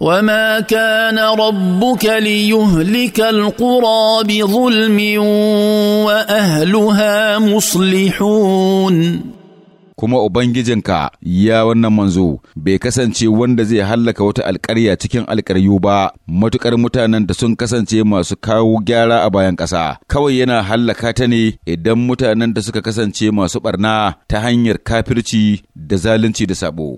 وما كان ربك ليهلك القرى بظلم واهلها مصلحون kuma Ubangijinka ya wannan manzo bai kasance wanda zai hallaka wata alkarya cikin alkaryu ba matukar mutanen da sun kasance masu kawo gyara a bayan ƙasa kawai yana hallaka ta ne idan mutanen da suka kasance masu ɓarna ta hanyar kafirci da zalunci da sabo